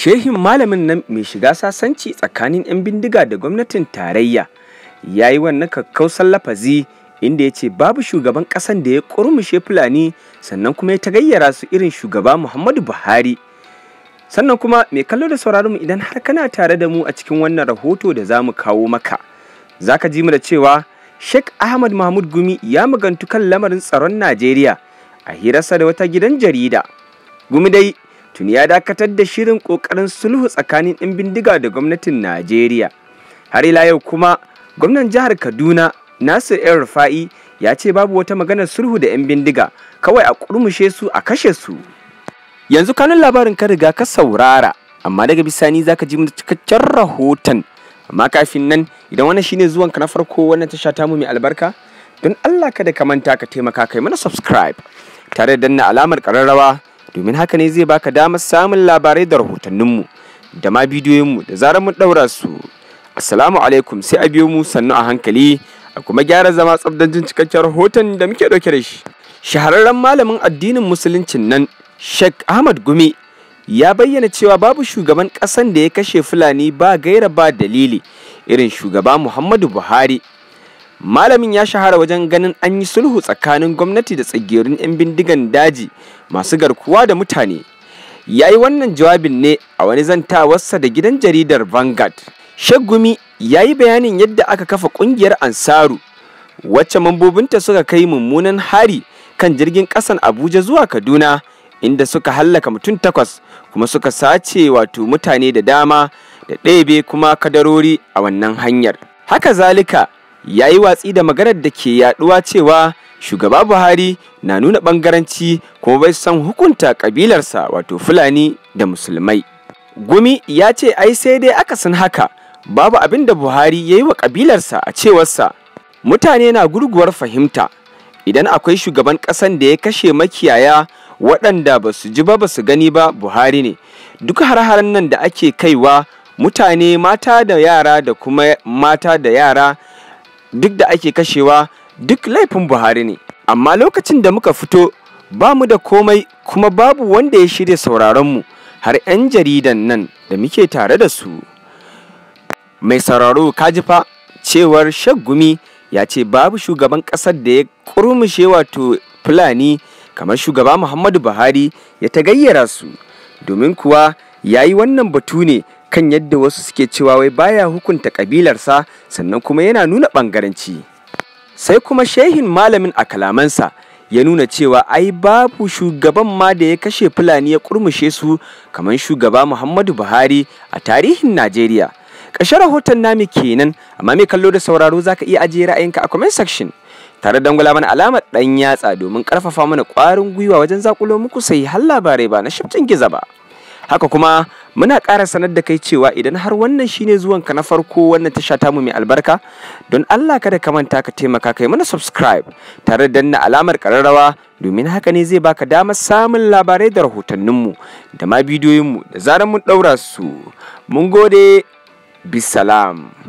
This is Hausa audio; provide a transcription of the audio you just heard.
shehin malamin nan mai shiga sasanci tsakanin 'yan bindiga da gwamnatin tarayya ya yi wannan kakkausan lafazi inda ya ce babu shugaban ƙasan da ya kurmushe fulani sannan kuma ya tagayyara su irin shugaba muhammadu buhari sannan kuma mai kallo da sauraron mu idan har kana tare da mu a cikin wannan rahoto da za mu kawo maka za ka ji mu da cewa sheikh ahmad mahmud gumi ya magantu kan lamarin tsaron najeriya a hirarsa da wata gidan jarida gumi dai tuni ya dakatar da shirin kokarin sulhu tsakanin 'yan bindiga da gwamnatin Najeriya. Har ila yau kuma gwamnan jihar Kaduna Nasir El Rufa'i ya ce babu wata maganar sulhu da 'yan bindiga kawai a kurmushe su a kashe su. Yanzu kanun labarin ka riga ka saurara amma daga bisani ka ji cikakken rahoton amma kafin nan idan wannan shine zuwanka na farko wannan tasha ta mu mai albarka don Allah kada ka manta ka taimaka kai mana subscribe tare da danna alamar kararrawa domin haka ne zai baka damar samun labarai da rahotanninmu da ma bidiyoyinmu da zarar mun ɗaura su. Assalamu alaikum sai a biyo mu sannu a hankali a kuma gyara zama tsabdan jin cikakken rahoton da muke ɗauke da shi. Shahararren malamin addinin musuluncin nan shek Ahmad Gumi ya bayyana cewa babu shugaban ƙasan da ya kashe Fulani ba gaira ba dalili irin shugaba Muhammadu Buhari malamin ya shahara wajen ganin an yi sulhu tsakanin gwamnati da tsagerun 'yan bindigan daji masu garkuwa da mutane ya yi wannan jawabin ne a wani zantawarsa da gidan jaridar vanguard shaggumi ya yi bayanin yadda aka kafa kungiyar ansaru wacce mambobinta suka kai mummunan hari kan jirgin kasan abuja zuwa kaduna inda suka hallaka mutum takwas kuma suka sace wato mutane da dama da ɗebe kuma kadarori a wannan hanyar haka zalika ya yi watsi da maganar da ke yaduwa cewa shugaba buhari na nuna bangaranci kuma bai san hukunta kabilarsa wato fulani da musulmai gumi ya ce ai sai dai aka san haka babu abin da buhari ya yi wa kabilarsa a cewarsa mutane na gurguwar fahimta idan akwai shugaban ƙasan da ya kashe makiyaya waɗanda ba su ji ba ba su gani ba buhari ne duk har-haren nan da ake kaiwa mutane mata da yara da kuma mata da yara duk da ake kashewa duk laifin buhari ne amma lokacin da muka fito ba mu da komai kuma babu wanda ya shirya sauraronmu har 'yan jaridan nan da muke tare da su mai sauraro kajifa cewar shaggumi ya ce babu shugaban ƙasar da ya kurmushe wato fulani kamar shugaba muhammadu buhari ya ta gayyara su domin kuwa ya yi wannan batu ne kan yadda wasu suke cewa wai baya hukunta kabilarsa sannan kuma yana nuna ɓangaranci. Sai kuma shehin malamin a kalamansa ya nuna cewa ai babu shugaban ma da ya kashe Fulani ya kurmushe su kamar shugaba Muhammadu Buhari a tarihin Najeriya. Ƙashe rahoton nami kenan amma mai kallo da sauraro za ka iya ajiye ra'ayinka a comment section. tare da dangula mana alamar ɗan yatsa domin ƙarfafa mana ƙwarin gwiwa wajen zakulo muku sai har labarai ba na shafcin giza ba. Haka kuma muna ƙara sanar da kai cewa idan har wannan shine zuwanka na farko wannan tasha tamu mai albarka don Allah kada ka manta ka taimaka kai mana subscribe tare da danna alamar ƙararrawa domin haka ne zai baka damar samun labarai da rahotanninmu da ma bidiyoyinmu da zarar mun ɗaura su mun gode bisalam